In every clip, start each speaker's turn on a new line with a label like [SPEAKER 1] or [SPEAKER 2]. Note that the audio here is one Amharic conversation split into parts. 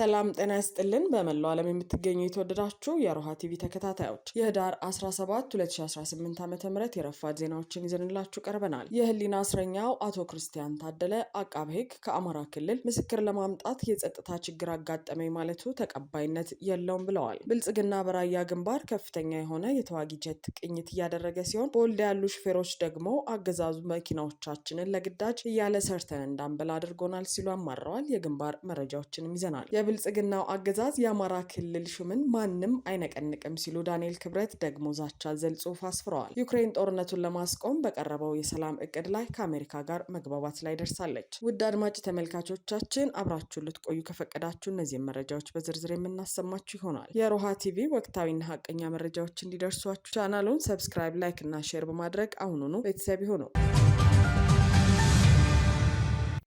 [SPEAKER 1] ሰላም ጤና ይስጥልን። በመላው ዓለም የምትገኙ የተወደዳችሁ የሮሃ ቲቪ ተከታታዮች የህዳር 17 2018 ዓ ም የረፋድ ዜናዎችን ይዘንላችሁ ቀርበናል። የህሊና እስረኛው አቶ ክርስቲያን ታደለ አቃቤ ሕግ ከአማራ ክልል ምስክር ለማምጣት የጸጥታ ችግር አጋጠመኝ ማለቱ ተቀባይነት የለውም ብለዋል። ብልጽግና በራያ ግንባር ከፍተኛ የሆነ የተዋጊ ጀት ቅኝት እያደረገ ሲሆን፣ በወልዲያ ያሉ ሹፌሮች ደግሞ አገዛዙ መኪናዎቻችንን ለግዳጅ እያለ ሰርተን እንዳንበላ አድርጎናል ሲሉ አማረዋል። የግንባር መረጃዎችንም ይዘናል። የብልጽግናው አገዛዝ የአማራ ክልል ሹምን ማንም አይነቀንቅም ሲሉ ዳንኤል ክብረት ደግሞ ዛቻ ዘል ጽሑፍ አስፍረዋል። ዩክሬን ጦርነቱን ለማስቆም በቀረበው የሰላም እቅድ ላይ ከአሜሪካ ጋር መግባባት ላይ ደርሳለች። ውድ አድማጭ ተመልካቾቻችን አብራችሁ ልትቆዩ ከፈቀዳችሁ እነዚህ መረጃዎች በዝርዝር የምናሰማችሁ ይሆናል። የሮሃ ቲቪ ወቅታዊና ሀቀኛ መረጃዎች እንዲደርሷችሁ ቻናሉን ሰብስክራይብ፣ ላይክ እና ሼር በማድረግ አሁኑኑ ቤተሰብ ይሁኑ።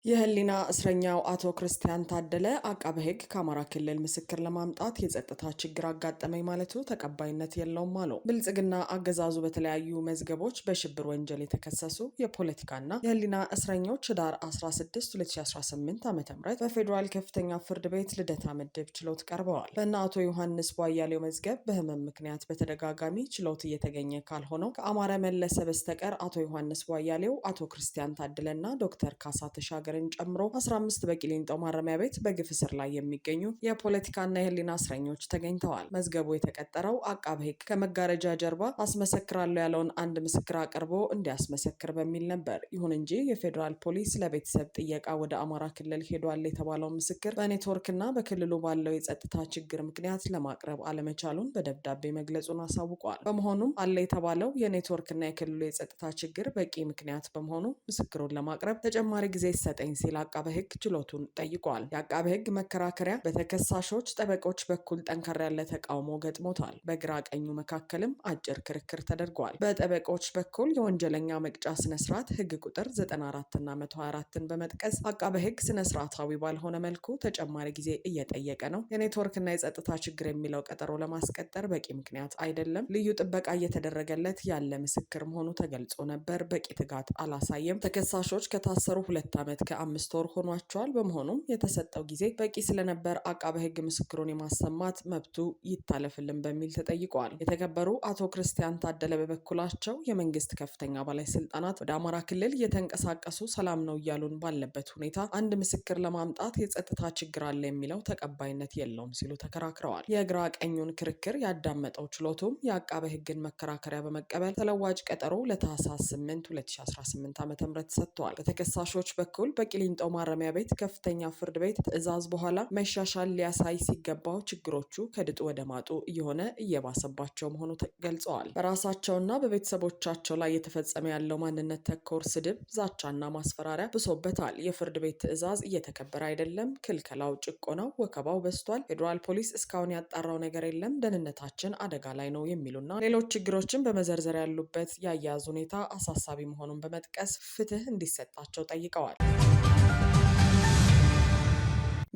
[SPEAKER 1] የህሊና እስረኛው አቶ ክርስቲያን ታደለ አቃቤ ሕግ ከአማራ ክልል ምስክር ለማምጣት የጸጥታ ችግር አጋጠመኝ ማለቱ ተቀባይነት የለውም አለው። ብልጽግና አገዛዙ በተለያዩ መዝገቦች በሽብር ወንጀል የተከሰሱ የፖለቲካና የህሊና እስረኞች ህዳር 16 2018 ዓ ም በፌዴራል ከፍተኛ ፍርድ ቤት ልደታ ምድብ ችሎት ቀርበዋል። በእነ አቶ ዮሐንስ ቧያሌው መዝገብ በህመም ምክንያት በተደጋጋሚ ችሎት እየተገኘ ካልሆነው ከአማረ መለሰ በስተቀር አቶ ዮሐንስ ቧያሌው፣ አቶ ክርስቲያን ታደለና ዶክተር ካሳ ተሻገረ አመራርን ጨምሮ 15 በቂሊንጦ ማረሚያ ቤት በግፍ እስር ላይ የሚገኙ የፖለቲካና የህሊና እስረኞች ተገኝተዋል። መዝገቡ የተቀጠረው አቃቤ ሕግ ከመጋረጃ ጀርባ አስመሰክራለሁ ያለውን አንድ ምስክር አቅርቦ እንዲያስመሰክር በሚል ነበር። ይሁን እንጂ የፌዴራል ፖሊስ ለቤተሰብ ጥየቃ ወደ አማራ ክልል ሄዷል የተባለው ምስክር በኔትወርክና በክልሉ ባለው የጸጥታ ችግር ምክንያት ለማቅረብ አለመቻሉን በደብዳቤ መግለጹን አሳውቋል። በመሆኑም አለ የተባለው የኔትወርክና የክልሉ የጸጥታ ችግር በቂ ምክንያት በመሆኑ ምስክሩን ለማቅረብ ተጨማሪ ጊዜ ይሰጣል 9 ሲል አቃበ ህግ ችሎቱን ጠይቋል። የአቃበ ህግ መከራከሪያ በተከሳሾች ጠበቆች በኩል ጠንከር ያለ ተቃውሞ ገጥሞታል። በግራ ቀኙ መካከልም አጭር ክርክር ተደርጓል። በጠበቆች በኩል የወንጀለኛ መቅጫ ስነስርዓት ህግ ቁጥር 94ና 124ን በመጥቀስ አቃበ ህግ ስነስርዓታዊ ባልሆነ መልኩ ተጨማሪ ጊዜ እየጠየቀ ነው። የኔትወርክና የጸጥታ ችግር የሚለው ቀጠሮ ለማስቀጠር በቂ ምክንያት አይደለም። ልዩ ጥበቃ እየተደረገለት ያለ ምስክር መሆኑ ተገልጾ ነበር። በቂ ትጋት አላሳየም። ተከሳሾች ከታሰሩ ሁለት ዓመት ከአምስት ወር ሆኗቸዋል። በመሆኑም የተሰጠው ጊዜ በቂ ስለነበር አቃበ ሕግ ምስክሩን የማሰማት መብቱ ይታለፍልን በሚል ተጠይቋል። የተከበሩ አቶ ክርስቲያን ታደለ በበኩላቸው የመንግስት ከፍተኛ ባለስልጣናት ወደ አማራ ክልል እየተንቀሳቀሱ ሰላም ነው እያሉን ባለበት ሁኔታ አንድ ምስክር ለማምጣት የጸጥታ ችግር አለ የሚለው ተቀባይነት የለውም ሲሉ ተከራክረዋል። የግራ ቀኙን ክርክር ያዳመጠው ችሎቱም የአቃበ ሕግን መከራከሪያ በመቀበል ተለዋጭ ቀጠሮ ለታህሳስ 8 2018 ዓ ም ሰጥተዋል። በተከሳሾች በኩል በቂሊንጦ ማረሚያ ቤት ከፍተኛ ፍርድ ቤት ትዕዛዝ በኋላ መሻሻል ሊያሳይ ሲገባው ችግሮቹ ከድጡ ወደ ማጡ እየሆነ እየባሰባቸው መሆኑ ገልጸዋል። በራሳቸውና በቤተሰቦቻቸው ላይ እየተፈጸመ ያለው ማንነት ተኮር ስድብ፣ ዛቻና ማስፈራሪያ ብሶበታል። የፍርድ ቤት ትዕዛዝ እየተከበረ አይደለም። ክልከላው፣ ጭቆናው፣ ወከባው በዝቷል። ፌዴራል ፖሊስ እስካሁን ያጣራው ነገር የለም። ደህንነታችን አደጋ ላይ ነው የሚሉና ሌሎች ችግሮችን በመዘርዘር ያሉበት የአያያዝ ሁኔታ አሳሳቢ መሆኑን በመጥቀስ ፍትህ እንዲሰጣቸው ጠይቀዋል።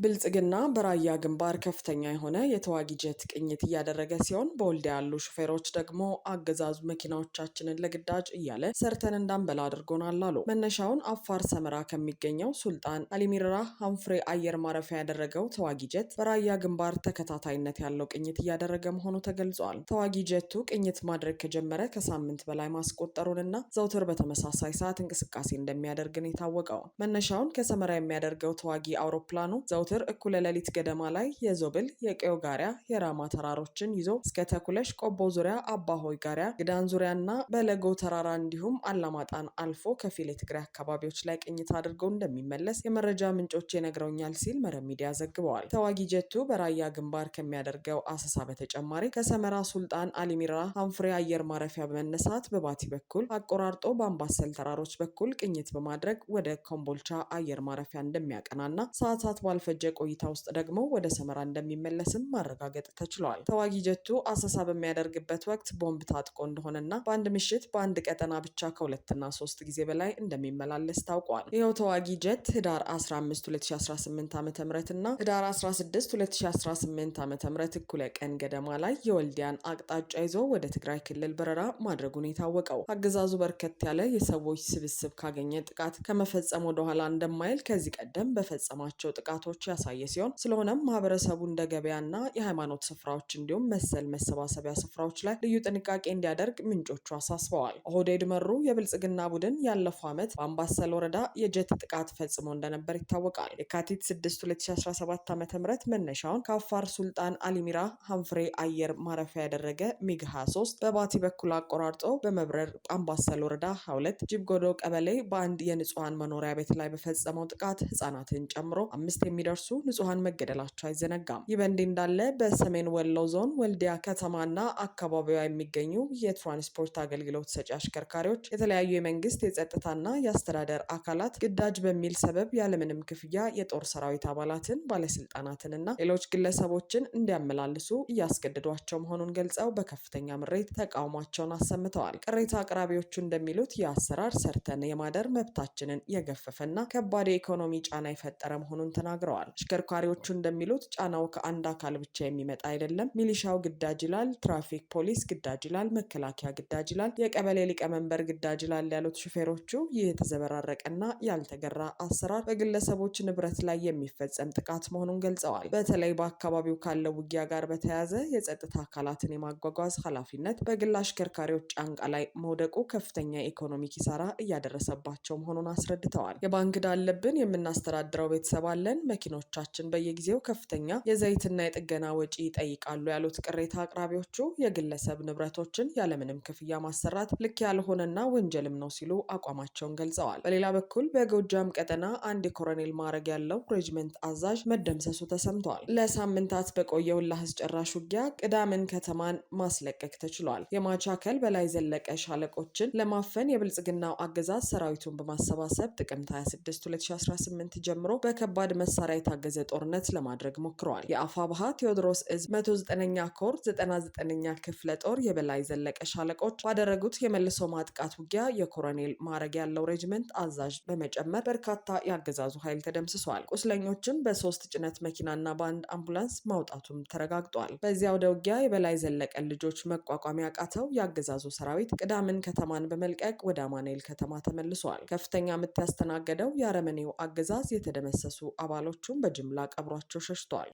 [SPEAKER 1] ብልጽግና በራያ ግንባር ከፍተኛ የሆነ የተዋጊ ጀት ቅኝት እያደረገ ሲሆን በወልዲያ ያሉ ሹፌሮች ደግሞ አገዛዙ መኪናዎቻችንን ለግዳጅ እያለ ሰርተን እንዳንበላ አድርጎናል አሉ። መነሻውን አፋር ሰመራ ከሚገኘው ሱልጣን አሊሚራ ሀንፍሬ አየር ማረፊያ ያደረገው ተዋጊ ጀት በራያ ግንባር ተከታታይነት ያለው ቅኝት እያደረገ መሆኑ ተገልጿል። ተዋጊ ጀቱ ቅኝት ማድረግ ከጀመረ ከሳምንት በላይ ማስቆጠሩንና ዘውትር በተመሳሳይ ሰዓት እንቅስቃሴ እንደሚያደርግን የታወቀው መነሻውን ከሰመራ የሚያደርገው ተዋጊ አውሮፕላኑ ዘውትር እኩለ ሌሊት ገደማ ላይ የዞብል የቀዮ ጋሪያ የራማ ተራሮችን ይዞ እስከ ተኩለሽ ቆቦ ዙሪያ አባሆይ ጋሪያ ግዳን ዙሪያና በለጎ ተራራ እንዲሁም አላማጣን አልፎ ከፊል የትግራይ አካባቢዎች ላይ ቅኝት አድርገው እንደሚመለስ የመረጃ ምንጮች ይነግረውኛል ሲል መረብ ሚዲያ ዘግበዋል። ተዋጊ ጀቱ በራያ ግንባር ከሚያደርገው አሰሳ በተጨማሪ ከሰመራ ሱልጣን አሊሚራ ሀንፍሬ አየር ማረፊያ በመነሳት በባቲ በኩል አቆራርጦ በአምባሰል ተራሮች በኩል ቅኝት በማድረግ ወደ ኮምቦልቻ አየር ማረፊያ እንደሚያቀናና ሰዓታት ባልፈ በፈጀ ቆይታ ውስጥ ደግሞ ወደ ሰመራ እንደሚመለስም ማረጋገጥ ተችሏል። ተዋጊ ጀቱ አሰሳ በሚያደርግበት ወቅት ቦምብ ታጥቆ እንደሆነና በአንድ ምሽት በአንድ ቀጠና ብቻ ከሁለትና ሶስት ጊዜ በላይ እንደሚመላለስ ታውቋል። ይኸው ተዋጊ ጀት ህዳር 15 2018 ዓ ም እና ህዳር 16 2018 ዓ ም እኩለ ቀን ገደማ ላይ የወልዲያን አቅጣጫ ይዞ ወደ ትግራይ ክልል በረራ ማድረጉን የታወቀው አገዛዙ በርከት ያለ የሰዎች ስብስብ ካገኘ ጥቃት ከመፈጸም ወደኋላ እንደማይል ከዚህ ቀደም በፈጸማቸው ጥቃቶች ስራዎች ያሳየ ሲሆን ስለሆነም ማህበረሰቡ እንደ ገበያና የሃይማኖት ስፍራዎች እንዲሁም መሰል መሰባሰቢያ ስፍራዎች ላይ ልዩ ጥንቃቄ እንዲያደርግ ምንጮቹ አሳስበዋል። ኦህዴድ መሩ የብልጽግና ቡድን ያለፈው ዓመት በአምባሰል ወረዳ የጀት ጥቃት ፈጽሞ እንደነበር ይታወቃል። የካቲት 6 2017 ዓ ም መነሻውን ከአፋር ሱልጣን አሊሚራ ሀንፍሬ አየር ማረፊያ ያደረገ ሚግ 23 በባቲ በኩል አቆራርጦ በመብረር አምባሰል ወረዳ 22 ጅብጎዶ ቀበሌ በአንድ የንጹሐን መኖሪያ ቤት ላይ በፈጸመው ጥቃት ህጻናትን ጨምሮ አምስት የሚደ ሲደርሱ ንጹሐን መገደላቸው አይዘነጋም። ይህ በእንዲህ እንዳለ በሰሜን ወሎ ዞን ወልዲያ ከተማና አካባቢዋ የሚገኙ የትራንስፖርት አገልግሎት ሰጪ አሽከርካሪዎች የተለያዩ የመንግስት የጸጥታና የአስተዳደር አካላት ግዳጅ በሚል ሰበብ ያለምንም ክፍያ የጦር ሰራዊት አባላትን ባለስልጣናትንና ሌሎች ግለሰቦችን እንዲያመላልሱ እያስገደዷቸው መሆኑን ገልጸው በከፍተኛ ምሬት ተቃውሟቸውን አሰምተዋል። ቅሬታ አቅራቢዎቹ እንደሚሉት የአሰራር ሰርተን የማደር መብታችንን የገፈፈና ከባድ የኢኮኖሚ ጫና የፈጠረ መሆኑን ተናግረዋል። ተናግረዋል። አሽከርካሪዎቹ እንደሚሉት ጫናው ከአንድ አካል ብቻ የሚመጣ አይደለም። ሚሊሻው ግዳጅ ይላል፣ ትራፊክ ፖሊስ ግዳጅ ይላል፣ መከላከያ ግዳጅ ይላል፣ የቀበሌ ሊቀመንበር ግዳጅ ይላል ያሉት ሹፌሮቹ ይህ የተዘበራረቀና ያልተገራ አሰራር በግለሰቦች ንብረት ላይ የሚፈጸም ጥቃት መሆኑን ገልጸዋል። በተለይ በአካባቢው ካለው ውጊያ ጋር በተያያዘ የጸጥታ አካላትን የማጓጓዝ ኃላፊነት በግል አሽከርካሪዎች ጫንቃ ላይ መውደቁ ከፍተኛ የኢኮኖሚ ኪሳራ እያደረሰባቸው መሆኑን አስረድተዋል። የባንክ ዕዳ አለብን፣ የምናስተዳድረው ቤተሰብ አለን፣ መኪና መኪኖቻችን በየጊዜው ከፍተኛ የዘይትና የጥገና ወጪ ይጠይቃሉ ያሉት ቅሬታ አቅራቢዎቹ የግለሰብ ንብረቶችን ያለምንም ክፍያ ማሰራት ልክ ያልሆነና ወንጀልም ነው ሲሉ አቋማቸውን ገልጸዋል። በሌላ በኩል በጎጃም ቀጠና አንድ የኮሎኔል ማዕረግ ያለው ሬጅመንት አዛዥ መደምሰሱ ተሰምተዋል። ለሳምንታት በቆየው እልህ አስጨራሽ ውጊያ ቅዳምን ከተማን ማስለቀቅ ተችሏል። የማቻከል በላይ ዘለቀ ሻለቆችን ለማፈን የብልጽግናው አገዛዝ ሰራዊቱን በማሰባሰብ ጥቅምት 26 2018 ጀምሮ በከባድ መሳሪያ የታገዘ ጦርነት ለማድረግ ሞክረዋል። የአፋ ባሃ ቴዎድሮስ እዝ 109ኛ ኮር 99ኛ ክፍለ ጦር የበላይ ዘለቀ ሻለቆች ባደረጉት የመልሶ ማጥቃት ውጊያ የኮሎኔል ማዕረግ ያለው ሬጅመንት አዛዥ በመጨመር በርካታ የአገዛዙ ኃይል ተደምስሷል። ቁስለኞችም በሶስት ጭነት መኪናና በአንድ አምቡላንስ ማውጣቱም ተረጋግጧል። በዚያ ወደ ውጊያ የበላይ ዘለቀን ልጆች መቋቋም ያቃተው የአገዛዙ ሰራዊት ቅዳምን ከተማን በመልቀቅ ወደ አማኑኤል ከተማ ተመልሷል። ከፍተኛ ምት ያስተናገደው የአረመኔው አገዛዝ የተደመሰሱ አባሎቹ ሌሎቹም በጅምላ ቀብሯቸው ሸሽተዋል።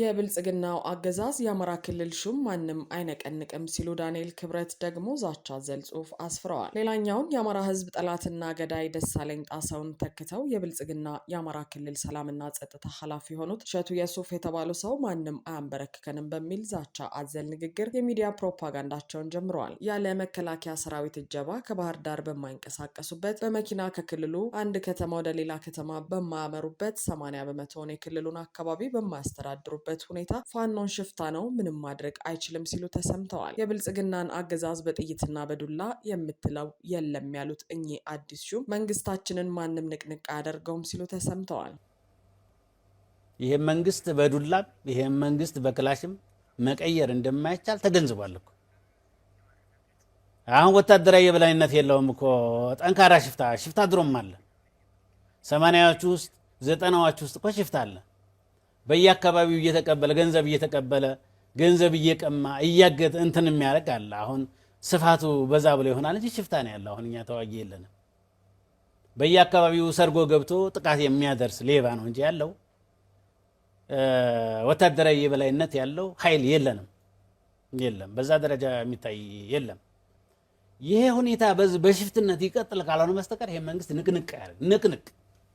[SPEAKER 1] የብልጽግናው አገዛዝ የአማራ ክልል ሹም ማንም አይነቀንቅም ሲሉ ዳንኤል ክብረት ደግሞ ዛቻ ዘል ጽሑፍ አስፍረዋል። ሌላኛውን የአማራ ህዝብ ጠላትና ገዳይ ደሳለኝ ጣሰውን ተክተው የብልጽግና የአማራ ክልል ሰላምና ጸጥታ ኃላፊ የሆኑት እሸቱ የሱፍ የተባሉ ሰው ማንም አያንበረክከንም በሚል ዛቻ አዘል ንግግር የሚዲያ ፕሮፓጋንዳቸውን ጀምረዋል። ያለ መከላከያ ሰራዊት እጀባ ከባህር ዳር በማይንቀሳቀሱበት በመኪና ከክልሉ አንድ ከተማ ወደ ሌላ ከተማ በማያመሩበት ሰማንያ በመቶውን የክልሉን አካባቢ በማያስተዳድሩ በሚኖሩበት ሁኔታ ፋኖን ሽፍታ ነው ምንም ማድረግ አይችልም ሲሉ ተሰምተዋል። የብልጽግናን አገዛዝ በጥይትና በዱላ የምትለው የለም ያሉት እኚህ አዲስ ሹም መንግስታችንን ማንም ንቅንቅ አያደርገውም ሲሉ ተሰምተዋል።
[SPEAKER 2] ይህም መንግስት በዱላም ይህም መንግስት በክላሽም መቀየር እንደማይቻል ተገንዝቧል እኮ አሁን ወታደራዊ የበላይነት የለውም እኮ ጠንካራ ሽፍታ ሽፍታ ድሮም አለ ሰማንያዎቹ ውስጥ ዘጠናዎቹ ውስጥ እኮ ሽፍታ አለ በየአካባቢው እየተቀበለ ገንዘብ እየተቀበለ ገንዘብ እየቀማ እያገጠ እንትን የሚያደርግ አለ። አሁን ስፋቱ በዛ ብሎ ይሆናል እንጂ ሽፍታ ነው ያለ። አሁን እኛ ተዋጊ የለንም። በየአካባቢው ሰርጎ ገብቶ ጥቃት የሚያደርስ ሌባ ነው እንጂ ያለው ወታደራዊ የበላይነት ያለው ኃይል የለንም የለም። በዛ ደረጃ የሚታይ የለም። ይሄ ሁኔታ በሽፍትነት ይቀጥል ካልሆነ መስተቀር ይሄ መንግስት ንቅንቅ ያደርግ ንቅንቅ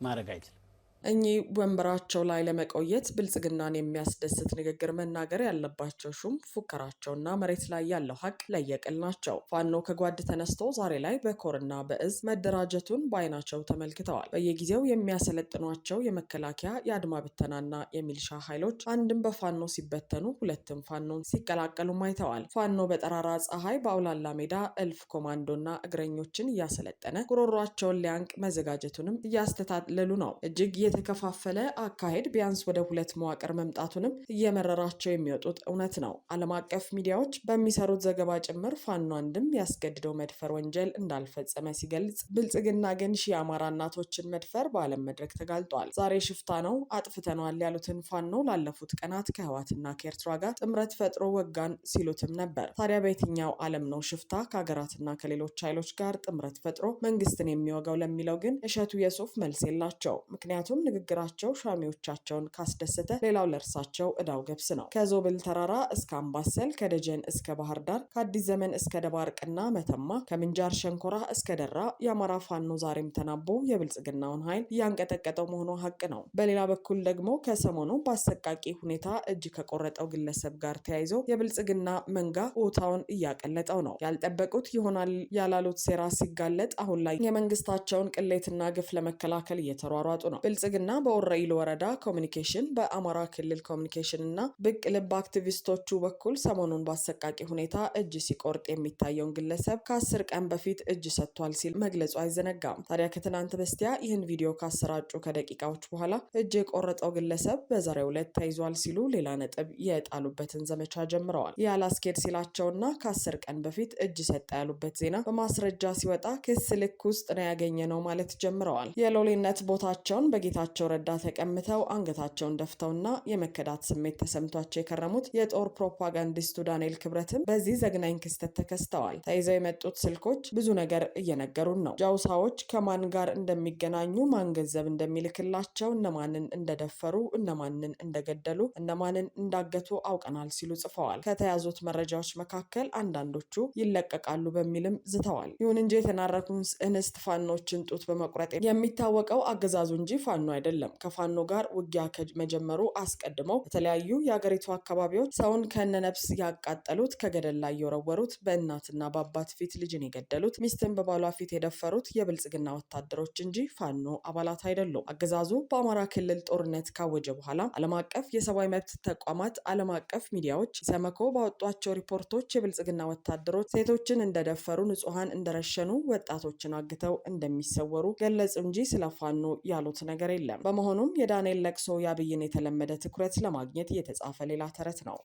[SPEAKER 2] ማድረግ
[SPEAKER 3] አይችልም። እኚህ ወንበራቸው ላይ ለመቆየት ብልጽግናን የሚያስደስት ንግግር መናገር ያለባቸው ሹም ፉከራቸውና መሬት ላይ ያለው ሀቅ ለየቅል ናቸው። ፋኖ ከጓድ ተነስቶ ዛሬ ላይ በኮርና በእዝ መደራጀቱን በአይናቸው ተመልክተዋል። በየጊዜው የሚያሰለጥኗቸው የመከላከያ የአድማ ብተናና የሚልሻ ኃይሎች አንድም በፋኖ ሲበተኑ፣ ሁለትም ፋኖን ሲቀላቀሉም አይተዋል። ፋኖ በጠራራ ፀሐይ በአውላላ ሜዳ እልፍ ኮማንዶና እግረኞችን እያሰለጠነ ጉሮሯቸውን ሊያንቅ መዘጋጀቱንም እያስተታለሉ ነው እጅግ የተከፋፈለ አካሄድ ቢያንስ ወደ ሁለት መዋቅር መምጣቱንም እየመረራቸው የሚወጡት እውነት ነው። ዓለም አቀፍ ሚዲያዎች በሚሰሩት ዘገባ ጭምር ፋኖ አንድም ያስገድደው መድፈር ወንጀል እንዳልፈጸመ ሲገልጽ፣ ብልጽግና ግን ሺህ አማራ እናቶችን መድፈር በዓለም መድረክ ተጋልጧል። ዛሬ ሽፍታ ነው አጥፍተነዋል ያሉትን ፋኖ ላለፉት ቀናት ከህዋትና ከኤርትራ ጋር ጥምረት ፈጥሮ ወጋን ሲሉትም ነበር። ታዲያ በየትኛው ዓለም ነው ሽፍታ ከሀገራትና ከሌሎች ኃይሎች ጋር ጥምረት ፈጥሮ መንግስትን የሚወጋው ለሚለው ግን እሸቱ የሱፍ መልስ የላቸው። ምክንያቱም ምክንያቱም ንግግራቸው ሻሚዎቻቸውን ካስደሰተ ሌላው ለእርሳቸው እዳው ገብስ ነው። ከዞብል ተራራ እስከ አምባሰል፣ ከደጀን እስከ ባህር ዳር፣ ከአዲስ ዘመን እስከ ደባርቅና መተማ፣ ከምንጃር ሸንኮራ እስከ ደራ የአማራ ፋኖ ዛሬም ተናቦ የብልጽግናውን ኃይል እያንቀጠቀጠው መሆኑ ሀቅ ነው። በሌላ በኩል ደግሞ ከሰሞኑ በአሰቃቂ ሁኔታ እጅ ከቆረጠው ግለሰብ ጋር ተያይዞ የብልጽግና መንጋ ቦታውን እያቀለጠው ነው። ያልጠበቁት ይሆናል ያላሉት ሴራ ሲጋለጥ አሁን ላይ የመንግስታቸውን ቅሌትና ግፍ ለመከላከል እየተሯሯጡ ነው። ብልጽግና በወረኢሉ ወረዳ ኮሚኒኬሽን በአማራ ክልል ኮሚኒኬሽን እና ብቅ ልብ አክቲቪስቶቹ በኩል ሰሞኑን በአሰቃቂ ሁኔታ እጅ ሲቆርጥ የሚታየውን ግለሰብ ከአስር ቀን በፊት እጅ ሰጥቷል ሲል መግለጹ አይዘነጋም። ታዲያ ከትናንት በስቲያ ይህን ቪዲዮ ካሰራጩ ከደቂቃዎች በኋላ እጅ የቆረጠው ግለሰብ በዛሬው ዕለት ተይዟል ሲሉ ሌላ ነጥብ የጣሉበትን ዘመቻ ጀምረዋል። ያላስኬድ ሲላቸውና ከአስር ቀን በፊት እጅ ሰጠ ያሉበት ዜና በማስረጃ ሲወጣ ክስ ልክ ውስጥ ነው ያገኘ ነው ማለት ጀምረዋል። የሎሌነት ቦታቸውን በጌታ ጌታቸው ረዳ ተቀምተው አንገታቸውን ደፍተውና የመከዳት ስሜት ተሰምቷቸው የከረሙት የጦር ፕሮፓጋንዲስቱ ዳንኤል ክብረትም በዚህ ዘግናኝ ክስተት ተከስተዋል። ተይዘው የመጡት ስልኮች ብዙ ነገር እየነገሩን ነው። ጃውሳዎች ከማን ጋር እንደሚገናኙ ማን ገንዘብ እንደሚልክላቸው፣ እነማንን እንደደፈሩ፣ እነማንን እንደገደሉ፣ እነማንን እንዳገቱ አውቀናል ሲሉ ጽፈዋል። ከተያዙት መረጃዎች መካከል አንዳንዶቹ ይለቀቃሉ በሚልም ዝተዋል። ይሁን እንጂ የተናረኩን እንስት ፋኖችን ጡት በመቁረጥ የሚታወቀው አገዛዙ እንጂ ፋኖ ፋኖ አይደለም። ከፋኖ ጋር ውጊያ መጀመሩ አስቀድመው። በተለያዩ የአገሪቱ አካባቢዎች ሰውን ከነነብስ ያቃጠሉት፣ ከገደል ላይ የወረወሩት፣ በእናትና በአባት ፊት ልጅን የገደሉት፣ ሚስትን በባሏ ፊት የደፈሩት የብልጽግና ወታደሮች እንጂ ፋኖ አባላት አይደሉም። አገዛዙ በአማራ ክልል ጦርነት ካወጀ በኋላ ዓለም አቀፍ የሰብአዊ መብት ተቋማት፣ ዓለም አቀፍ ሚዲያዎች ሰመኮ ባወጧቸው ሪፖርቶች የብልጽግና ወታደሮች ሴቶችን እንደደፈሩ፣ ንጹሐን እንደረሸኑ፣ ወጣቶችን አግተው እንደሚሰወሩ ገለጹ እንጂ ስለ ፋኖ ያሉት ነገር የለም። በመሆኑም የዳንኤል ለቅሶ የአብይን የተለመደ ትኩረት ለማግኘት የተጻፈ ሌላ ተረት ነው።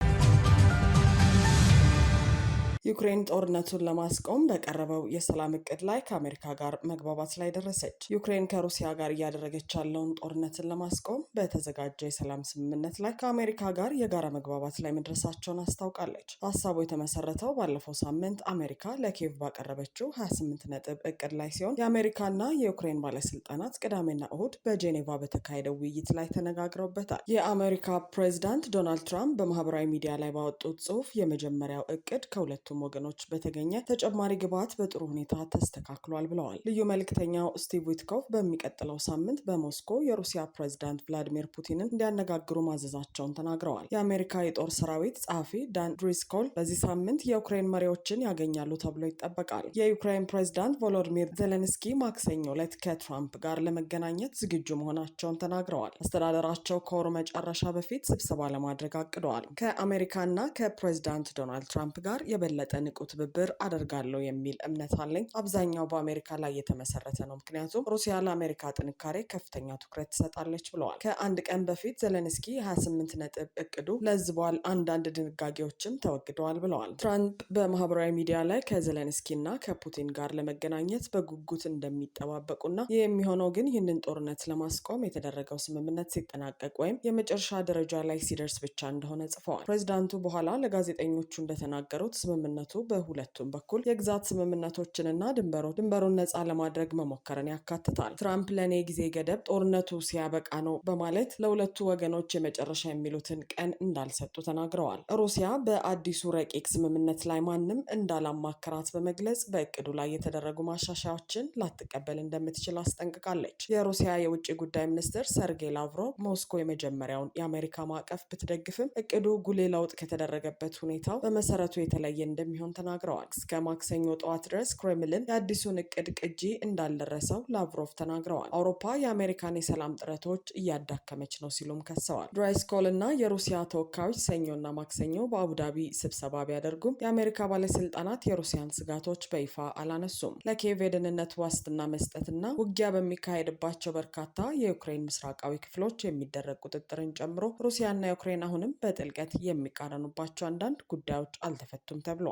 [SPEAKER 3] ዩክሬን ጦርነቱን ለማስቆም በቀረበው የሰላም እቅድ ላይ ከአሜሪካ ጋር መግባባት ላይ ደረሰች። ዩክሬን ከሩሲያ ጋር እያደረገች ያለውን ጦርነትን ለማስቆም በተዘጋጀ የሰላም ስምምነት ላይ ከአሜሪካ ጋር የጋራ መግባባት ላይ መድረሳቸውን አስታውቃለች። ሀሳቡ የተመሰረተው ባለፈው ሳምንት አሜሪካ ለኪየቭ ባቀረበችው 28 ነጥብ እቅድ ላይ ሲሆን የአሜሪካና የዩክሬን ባለስልጣናት ቅዳሜና እሁድ በጄኔቫ በተካሄደው ውይይት ላይ ተነጋግረውበታል። የአሜሪካ ፕሬዚዳንት ዶናልድ ትራምፕ በማህበራዊ ሚዲያ ላይ ባወጡት ጽሁፍ የመጀመሪያው እቅድ ከሁለቱ ከሁለቱም ወገኖች በተገኘ ተጨማሪ ግብዓት በጥሩ ሁኔታ ተስተካክሏል ብለዋል። ልዩ መልእክተኛው ስቲቭ ዊትኮቭ በሚቀጥለው ሳምንት በሞስኮ የሩሲያ ፕሬዚዳንት ቭላዲሚር ፑቲንን እንዲያነጋግሩ ማዘዛቸውን ተናግረዋል። የአሜሪካ የጦር ሰራዊት ጸሐፊ ዳን ድሪስኮል በዚህ ሳምንት የዩክሬን መሪዎችን ያገኛሉ ተብሎ ይጠበቃል። የዩክሬን ፕሬዚዳንት ቮሎዲሚር ዘለንስኪ ማክሰኞ ዕለት ከትራምፕ ጋር ለመገናኘት ዝግጁ መሆናቸውን ተናግረዋል። አስተዳደራቸው ከወሩ መጨረሻ በፊት ስብሰባ ለማድረግ አቅደዋል። ከአሜሪካና ከፕሬዚዳንት ዶናልድ ትራምፕ ጋር የበለ የበለጠ ንቁ ትብብር አደርጋለሁ የሚል እምነት አለኝ። አብዛኛው በአሜሪካ ላይ የተመሰረተ ነው፣ ምክንያቱም ሩሲያ ለአሜሪካ ጥንካሬ ከፍተኛ ትኩረት ትሰጣለች ብለዋል። ከአንድ ቀን በፊት ዘለንስኪ የ28 ነጥብ እቅዱ ለዝቧል፣ አንዳንድ ድንጋጌዎችም ተወግደዋል ብለዋል። ትራምፕ በማህበራዊ ሚዲያ ላይ ከዘለንስኪ እና ከፑቲን ጋር ለመገናኘት በጉጉት እንደሚጠባበቁና የሚሆነው ግን ይህንን ጦርነት ለማስቆም የተደረገው ስምምነት ሲጠናቀቅ ወይም የመጨረሻ ደረጃ ላይ ሲደርስ ብቻ እንደሆነ ጽፈዋል። ፕሬዚዳንቱ በኋላ ለጋዜጠኞቹ እንደተናገሩት ስምምነ ስምምነቱ በሁለቱም በኩል የግዛት ስምምነቶችንና ድንበሮ ድንበሩን ነፃ ለማድረግ መሞከርን ያካትታል። ትራምፕ ለእኔ ጊዜ ገደብ ጦርነቱ ሲያበቃ ነው በማለት ለሁለቱ ወገኖች የመጨረሻ የሚሉትን ቀን እንዳልሰጡ ተናግረዋል። ሩሲያ በአዲሱ ረቂቅ ስምምነት ላይ ማንም እንዳላማከራት በመግለጽ በእቅዱ ላይ የተደረጉ ማሻሻያዎችን ላትቀበል እንደምትችል አስጠንቅቃለች። የሩሲያ የውጭ ጉዳይ ሚኒስትር ሰርጌይ ላቭሮቭ ሞስኮ የመጀመሪያውን የአሜሪካ ማዕቀፍ ብትደግፍም እቅዱ ጉሌ ለውጥ ከተደረገበት ሁኔታው በመሰረቱ የተለየ እንደ እንደሚሆን ተናግረዋል። እስከ ማክሰኞ ጠዋት ድረስ ክሬምሊን የአዲሱን እቅድ ቅጂ እንዳልደረሰው ላቭሮቭ ተናግረዋል። አውሮፓ የአሜሪካን የሰላም ጥረቶች እያዳከመች ነው ሲሉም ከሰዋል። ድራይስኮል እና የሩሲያ ተወካዮች ሰኞና ማክሰኞ በአቡዳቢ ስብሰባ ቢያደርጉም የአሜሪካ ባለስልጣናት የሩሲያን ስጋቶች በይፋ አላነሱም። ለኪየቭ የደህንነት ዋስትና መስጠትና ውጊያ በሚካሄድባቸው በርካታ የዩክሬን ምስራቃዊ ክፍሎች የሚደረግ ቁጥጥርን ጨምሮ ሩሲያና ዩክሬን አሁንም በጥልቀት የሚቃረኑባቸው አንዳንድ ጉዳዮች አልተፈቱም ተብሏል።